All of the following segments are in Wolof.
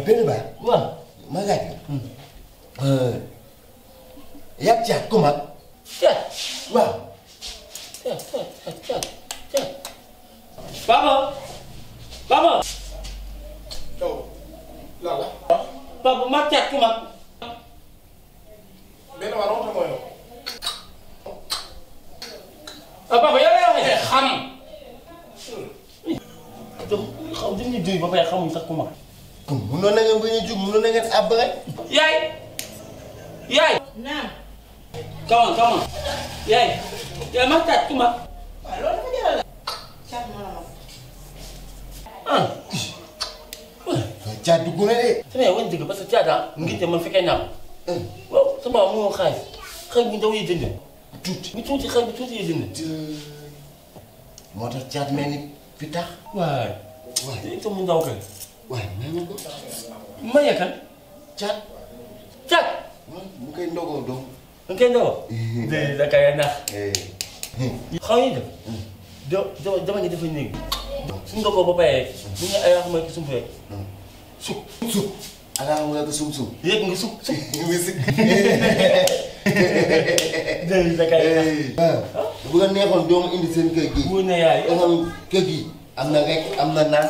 Penda Ba. waaw ma laaj la. yàgg caat ku mag. caat waaw. caat caat caat caat. papa. papa. taw la la. papa ma caat ku mag. benn waa rawatoo mooy yow. ah papa yow yaa ngi xam. donc xam dañuy déglu ba pare xamuñ sax ku mag. mënoon na ngeen bañ a jug mënoon na ngeen àbb rek. yaay yaay. naam. kawoon kawoon. yaay. yaay ma taat kuma. waaw loolu dafa jaral la. caat ma la ah. ah. caat dugg na de. sama yaay wàññi dëgg parce que caata ah, ngi te man fekkee naa ko. Eh. waaw sama maam mu ngi xaalis xëy bu ndaw yi jënd. tuuti bu tuuti xëy bu tuuti yi jënd. moo tax caat mel ni pitax. waay waay te itam mu ndaw kay. waaye may ma ko. maye kan. caat. caat. mu koy ndogoo doom. mu koy ndogoo. déedéet da kay nax. xaw ma ñu def. doo dama ñu dafa néeg. suñu ko ba pare rek. bu suk suk. nga suk suk. déedéet da kay nax. Ah. bu nga neexoon doomu indi seen kër gi. gi. am na rek am na naan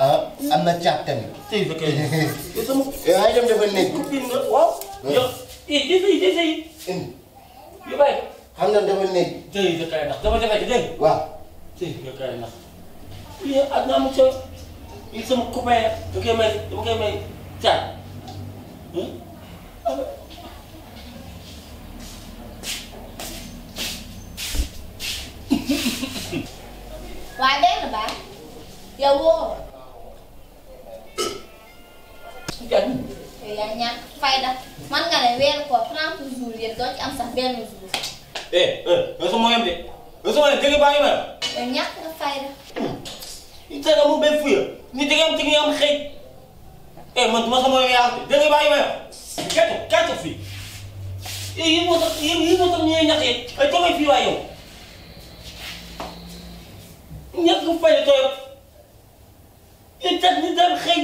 ah am na caag tamit. tey jii kay yow sama. yaa ngi dem dafa nekk. waaw. yow it dafay dafay. yu bëri. xam nga dafa nekk. tey jii kay ndax dafa defee dégg nga. waaw. tey jii kay ndax. yow ak naa ma ca yow sama copain da koy may da koy may caag. dầu vô jon yaa ñàkk fayda man nga ne weer ko 30 jours yéen doo ci am sax benn jour eh eh sama yam de sama yam dégg bàyyi ma yow ñàkk nga fayda ita nga mu benn fuya ni dégg am tigi am xëy eh man duma sama yam yaa dégg bàyyi ma yow katu katu fii eh yi moo tax yi moo tax ñu ñàkk ay toogee fii waay yow ñàkk fayda tooy te tat ñi daan xëy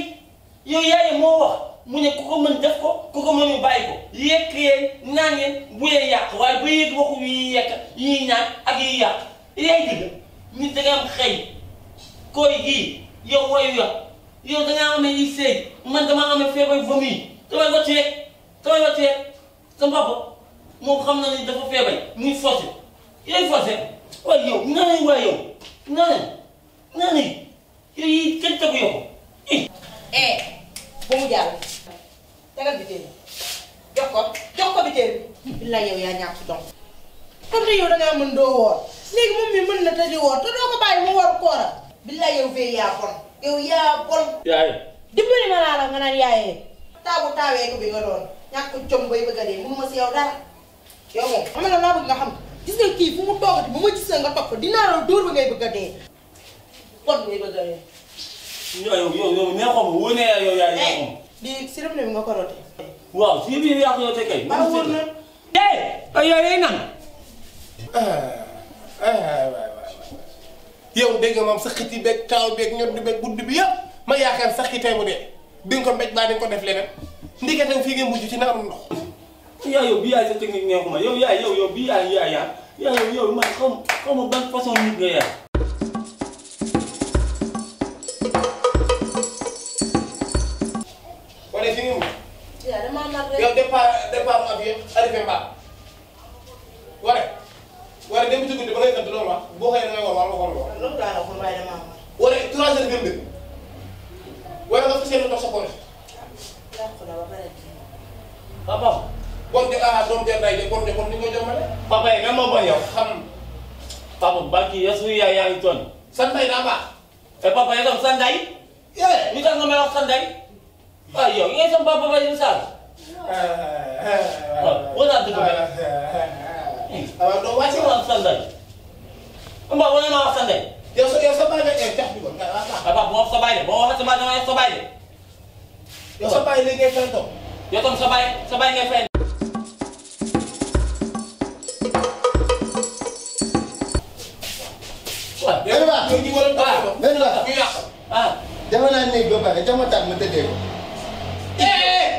yow yaay moo wax mu ne ku ko mën def ko ku ko mënul bàyyi ko yekk yeen naan yeen bu yee yàq waaye ba yéeg waxu yi yekk yi naan ak yi yàq yaay dëgg nit da nga am xëy koy gii yow wayu ya yow da ngaa amee yi sëy man damaa ba muy damay wàccu rek damay wàccu rek sa papa moom xam na ni dafa feebar muy forcé yooyu forcé waaye yow naa yooyu kenn tegu yow. eh ba mu jàll. tegal bitéel jox ko jox ko bitéel. billaay yow yaa ñàkk donc. comme te yow da ngaa mën doo woor léegi moom mi na tëddi woor te doo ko bàyyi mu woor koora. billaay yow fee yaa bon. yow yaa bon. yaay. dimbali ma laa la nga naan yaayee. taabu taawee ko bi nga doon ñàkk jom bay bëgg a dee mënuma si yow dara yow moom. xam nga laa bëgg nga xam gis kii fu mu toogati bu ma gis nga topp dinaa la dóor ba ngay bëgg a dee. kon ngay bëgg a yor. yow yow yow neexoon ma wóor na yow yaa neexoon. di si rëb bi nga ko rote. waaw si biir yaa ko rote kay. maa wóor na. eh yow yooyu nan. yow dégg nga maam sa xit yi beeg taaw beeg ñor di beeg guddi bi yëpp ma yaakaar sa xitee mu dee di nga ko mbéj baa di nga ko def leneen ndekete fii nga mujj ci naarum ndox. yaa yow bii yaay sa technique neexuma yow yaay yow yow bii yaay yaa yaa yow yow man xaw ma ban façon nit nga yaa. ngay tëdd loolu wax boo xëyee da ngay war wala war war. loolu daal la kon waaye damaa am. wala trois heures gën dëgg wala nga fas yéene toog sa kóol. yàqu na ba pare. papa. bon de ah doom de day de bon de kon ni nga ko jëmale. papa yi nga ma boy yow xam. papa bànqi yow suñu yaay yaa ngi toon. sanday daa baax. te papa yi tam sanday. yéen ñu tax nga may wax sanday. waaw yow yi ngay sam papa ba ñu saal. waaw boo naa dëgg waaw doo wàcce woon sanday. Mbaa wala ma wax sa ndey. yow sa yow sa bàyyi la tey tax bi kon. waaw bu ma wax sa bàyyi de bu ma waxee sa bàyyi dama wax sa bàyyi de. yow sa bàyyi léegi ngay fay toog. yow tam sa bàyyi sa bàyyi ngay fay. waaw benn baa benn baa benn baa ñu yàq. ah defe naa ne ba pare ca ma taat ma tëddee ko.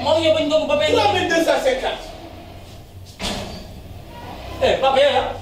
moom yëpp a ñu doon ba benn. 3250. eh, eh, eh. papa eh, yow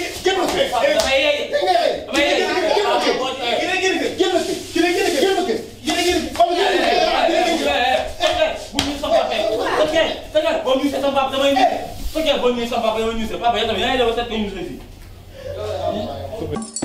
est revenu, ça va revenir, c'est pas vrai. Il y a des recettes que nous